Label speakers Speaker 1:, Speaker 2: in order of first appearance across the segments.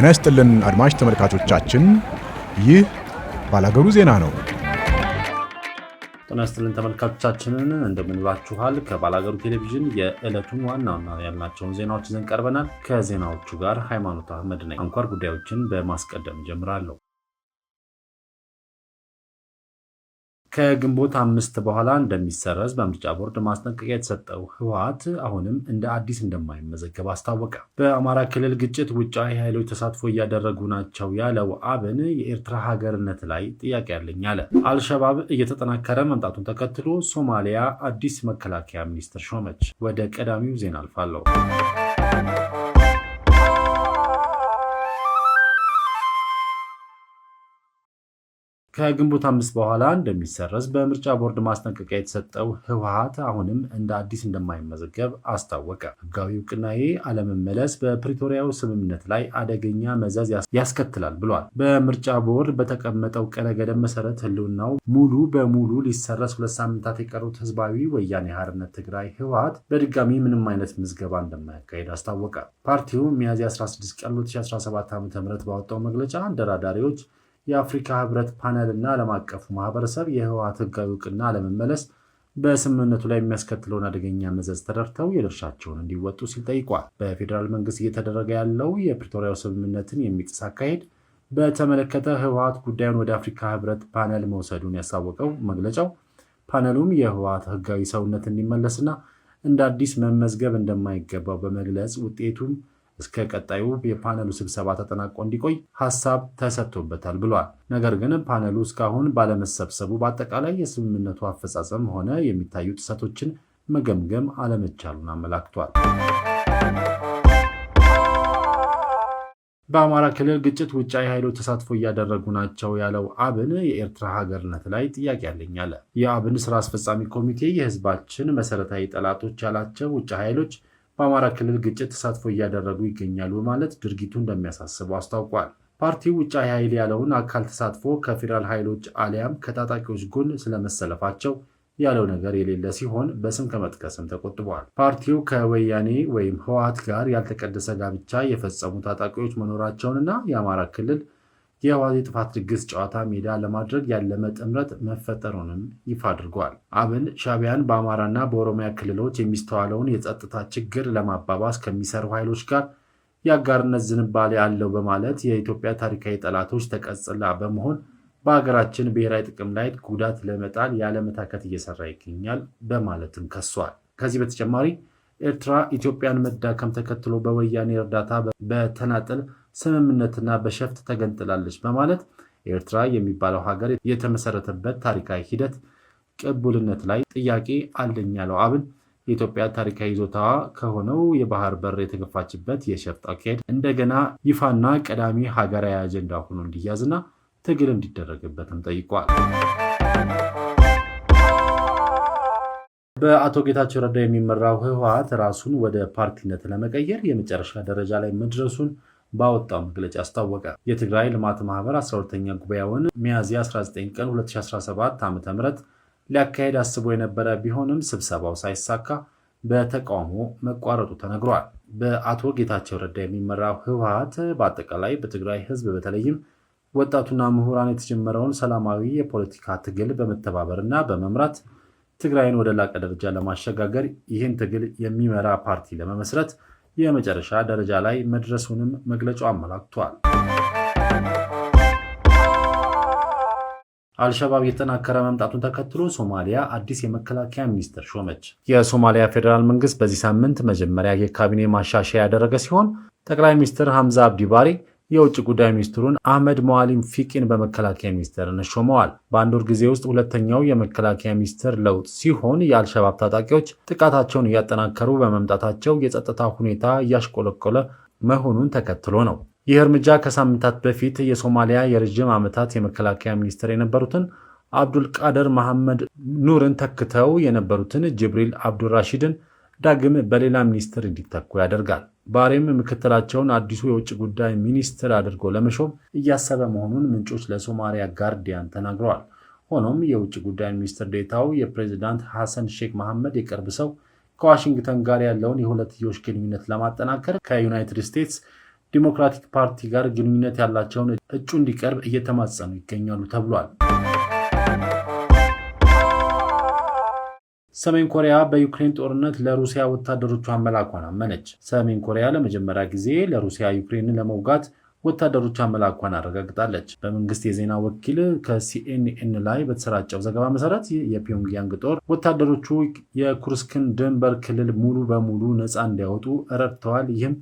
Speaker 1: ጤና ይስጥልን አድማጭ ተመልካቾቻችን፣ ይህ ባላገሩ ዜና ነው።
Speaker 2: ጤና ይስጥልን ተመልካቾቻችንን እንደምንላችኋል። ከባላገሩ ቴሌቪዥን የዕለቱን ዋና ዋና ያልናቸውን ዜናዎች ይዘን ቀርበናል። ከዜናዎቹ ጋር ሃይማኖት አህመድ ነኝ። አንኳር ጉዳዮችን በማስቀደም ጀምራለሁ። ከግንቦት አምስት በኋላ እንደሚሰረዝ በምርጫ ቦርድ ማስጠንቀቂያ የተሰጠው ህወሓት አሁንም እንደ አዲስ እንደማይመዘገብ አስታወቀ። በአማራ ክልል ግጭት ውጫዊ ኃይሎች ተሳትፎ እያደረጉ ናቸው ያለው አብን የኤርትራ ሀገርነት ላይ ጥያቄ ያለኝ አለ። አልሸባብ እየተጠናከረ መምጣቱን ተከትሎ ሶማሊያ አዲስ መከላከያ ሚኒስትር ሾመች። ወደ ቀዳሚው ዜና አልፋለሁ። ከግንቦት አምስት በኋላ እንደሚሰረዝ በምርጫ ቦርድ ማስጠንቀቂያ የተሰጠው ህወሀት አሁንም እንደ አዲስ እንደማይመዘገብ አስታወቀ። ህጋዊ እውቅናዬ አለመመለስ በፕሪቶሪያው ስምምነት ላይ አደገኛ መዘዝ ያስከትላል ብሏል። በምርጫ ቦርድ በተቀመጠው ቀነ ገደብ መሰረት ህልውናው ሙሉ በሙሉ ሊሰረዝ ሁለት ሳምንታት የቀሩት ህዝባዊ ወያኔ ሀርነት ትግራይ ህወሀት በድጋሚ ምንም አይነት ምዝገባ እንደማያካሄድ አስታወቀ። ፓርቲው ሚያዝያ 16 ቀን 2017 ዓ ም ባወጣው መግለጫ አደራዳሪዎች የአፍሪካ ህብረት ፓነል እና ዓለም አቀፉ ማህበረሰብ የህወሓት ህጋዊ እውቅና ለመመለስ በስምምነቱ ላይ የሚያስከትለውን አደገኛ መዘዝ ተረድተው የድርሻቸውን እንዲወጡ ሲል ጠይቋል። በፌዴራል መንግስት እየተደረገ ያለው የፕሪቶሪያው ስምምነትን የሚጥስ አካሄድ በተመለከተ ህወሓት ጉዳዩን ወደ አፍሪካ ህብረት ፓነል መውሰዱን ያሳወቀው መግለጫው ፓነሉም የህወሓት ህጋዊ ሰውነት እንዲመለስና እንደ አዲስ መመዝገብ እንደማይገባው በመግለጽ ውጤቱም እስከ ቀጣዩ የፓነሉ ስብሰባ ተጠናቆ እንዲቆይ ሀሳብ ተሰጥቶበታል ብሏል። ነገር ግን ፓነሉ እስካሁን ባለመሰብሰቡ በአጠቃላይ የስምምነቱ አፈጻጸም ሆነ የሚታዩ ጥሰቶችን መገምገም አለመቻሉን አመላክቷል። በአማራ ክልል ግጭት ውጫዊ ኃይሎች ተሳትፎ እያደረጉ ናቸው ያለው አብን የኤርትራ ሀገርነት ላይ ጥያቄ አለኝ አለ። የአብን ስራ አስፈጻሚ ኮሚቴ የህዝባችን መሰረታዊ ጠላቶች ያላቸው ውጭ ኃይሎች በአማራ ክልል ግጭት ተሳትፎ እያደረጉ ይገኛሉ በማለት ድርጊቱ እንደሚያሳስበው አስታውቋል። ፓርቲው ውጫ ኃይል ያለውን አካል ተሳትፎ ከፌዴራል ኃይሎች አሊያም ከታጣቂዎች ጎን ስለመሰለፋቸው ያለው ነገር የሌለ ሲሆን በስም ከመጥቀስም ተቆጥቧል። ፓርቲው ከወያኔ ወይም ህወሓት ጋር ያልተቀደሰ ጋብቻ የፈጸሙ ታጣቂዎች መኖራቸውንና የአማራ ክልል የአዋዜ ጥፋት ድግስ ጨዋታ ሜዳ ለማድረግ ያለመ ጥምረት መፈጠሩንም ይፋ አድርጓል። አብን ሻቢያን በአማራና በኦሮሚያ ክልሎች የሚስተዋለውን የጸጥታ ችግር ለማባባስ ከሚሰሩ ኃይሎች ጋር የአጋርነት ዝንባሌ አለው በማለት የኢትዮጵያ ታሪካዊ ጠላቶች ተቀጽላ በመሆን በሀገራችን ብሔራዊ ጥቅም ላይ ጉዳት ለመጣል ያለመታከት እየሰራ ይገኛል በማለትም ከሷል። ከዚህ በተጨማሪ ኤርትራ ኢትዮጵያን መዳከም ተከትሎ በወያኔ እርዳታ በተናጠል ስምምነትና በሸፍት ተገንጥላለች በማለት ኤርትራ የሚባለው ሀገር የተመሰረተበት ታሪካዊ ሂደት ቅቡልነት ላይ ጥያቄ አለኝ ያለው አብን የኢትዮጵያ ታሪካዊ ይዞታ ከሆነው የባህር በር የተገፋችበት የሸፍጥ አካሄድ እንደገና ይፋና ቀዳሚ ሀገራዊ አጀንዳ ሆኖ እንዲያዝና ትግል እንዲደረግበትም ጠይቋል። በአቶ ጌታቸው ረዳ የሚመራው ህወሓት ራሱን ወደ ፓርቲነት ለመቀየር የመጨረሻ ደረጃ ላይ መድረሱን ባወጣው መግለጫ አስታወቀ። የትግራይ ልማት ማህበር 12ኛ ጉባኤውን ሚያዝያ 19 ቀን 2017 ዓ ም ሊያካሄድ አስቦ የነበረ ቢሆንም ስብሰባው ሳይሳካ በተቃውሞ መቋረጡ ተነግሯል። በአቶ ጌታቸው ረዳ የሚመራው ህወሓት በአጠቃላይ በትግራይ ህዝብ በተለይም ወጣቱና ምሁራን የተጀመረውን ሰላማዊ የፖለቲካ ትግል በመተባበርና በመምራት ትግራይን ወደ ላቀ ደረጃ ለማሸጋገር ይህን ትግል የሚመራ ፓርቲ ለመመስረት የመጨረሻ ደረጃ ላይ መድረሱንም መግለጫው አመላክቷል። አልሸባብ እየተጠናከረ መምጣቱን ተከትሎ ሶማሊያ አዲስ የመከላከያ ሚኒስትር ሾመች። የሶማሊያ ፌዴራል መንግስት በዚህ ሳምንት መጀመሪያ የካቢኔ ማሻሻያ ያደረገ ሲሆን ጠቅላይ ሚኒስትር ሐምዛ አብዲ የውጭ ጉዳይ ሚኒስትሩን አህመድ መዋሊም ፊቂን በመከላከያ ሚኒስትርነት ሾመዋል። በአንድ ወር ጊዜ ውስጥ ሁለተኛው የመከላከያ ሚኒስትር ለውጥ ሲሆን የአልሸባብ ታጣቂዎች ጥቃታቸውን እያጠናከሩ በመምጣታቸው የጸጥታ ሁኔታ እያሽቆለቆለ መሆኑን ተከትሎ ነው። ይህ እርምጃ ከሳምንታት በፊት የሶማሊያ የረዥም ዓመታት የመከላከያ ሚኒስትር የነበሩትን አብዱልቃደር መሐመድ ኑርን ተክተው የነበሩትን ጅብሪል አብዱራሺድን ዳግም በሌላ ሚኒስትር እንዲተኩ ያደርጋል። ባሬም ምክትላቸውን አዲሱ የውጭ ጉዳይ ሚኒስትር አድርጎ ለመሾም እያሰበ መሆኑን ምንጮች ለሶማሊያ ጋርዲያን ተናግረዋል። ሆኖም የውጭ ጉዳይ ሚኒስትር ዴታው የፕሬዚዳንት ሐሰን ሼክ መሐመድ የቅርብ ሰው ከዋሽንግተን ጋር ያለውን የሁለትዮሽ ግንኙነት ለማጠናከር ከዩናይትድ ስቴትስ ዲሞክራቲክ ፓርቲ ጋር ግንኙነት ያላቸውን እጩ እንዲቀርብ እየተማጸኑ ይገኛሉ ተብሏል። ሰሜን ኮሪያ በዩክሬን ጦርነት ለሩሲያ ወታደሮቿን መላኳን አመነች። ሰሜን ኮሪያ ለመጀመሪያ ጊዜ ለሩሲያ ዩክሬንን ለመውጋት ወታደሮቿን መላኳን አረጋግጣለች። በመንግስት የዜና ወኪል ከሲኤንኤን ላይ በተሰራጨው ዘገባ መሰረት የፒዮንግያንግ ጦር ወታደሮቹ የኩርስክን ድንበር ክልል ሙሉ በሙሉ ነፃ እንዲያወጡ ረድተዋል። ይህም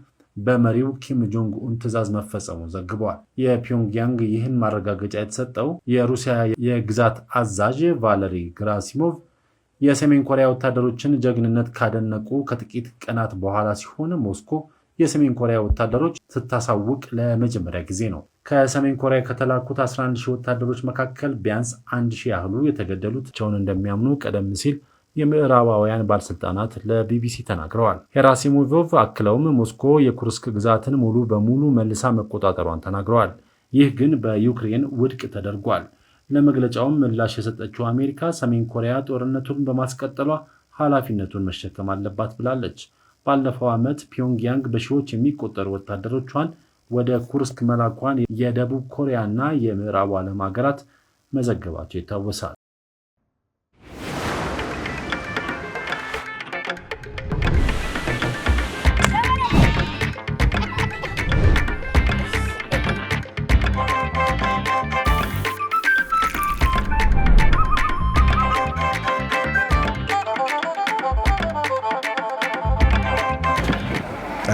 Speaker 2: በመሪው ኪም ጆንግ ኡን ትዕዛዝ መፈጸሙን ዘግቧል። የፒዮንግያንግ ይህን ማረጋገጫ የተሰጠው የሩሲያ የግዛት አዛዥ ቫለሪ ግራሲሞቭ የሰሜን ኮሪያ ወታደሮችን ጀግንነት ካደነቁ ከጥቂት ቀናት በኋላ ሲሆን ሞስኮ የሰሜን ኮሪያ ወታደሮች ስታሳውቅ ለመጀመሪያ ጊዜ ነው። ከሰሜን ኮሪያ ከተላኩት 11 ሺህ ወታደሮች መካከል ቢያንስ 1 ሺህ ያህሉ የተገደሉት ቸውን እንደሚያምኑ ቀደም ሲል የምዕራባውያን ባለስልጣናት ለቢቢሲ ተናግረዋል። ሄራሲሞቮቭ አክለውም ሞስኮ የኩርስክ ግዛትን ሙሉ በሙሉ መልሳ መቆጣጠሯን ተናግረዋል። ይህ ግን በዩክሬን ውድቅ ተደርጓል። ለመግለጫውም ምላሽ የሰጠችው አሜሪካ ሰሜን ኮሪያ ጦርነቱን በማስቀጠሏ ኃላፊነቱን መሸከም አለባት ብላለች። ባለፈው ዓመት ፒዮንግያንግ በሺዎች የሚቆጠሩ ወታደሮቿን ወደ ኩርስክ መላኳን የደቡብ ኮሪያና የምዕራቡ ዓለም ሀገራት መዘገባቸው ይታወሳል።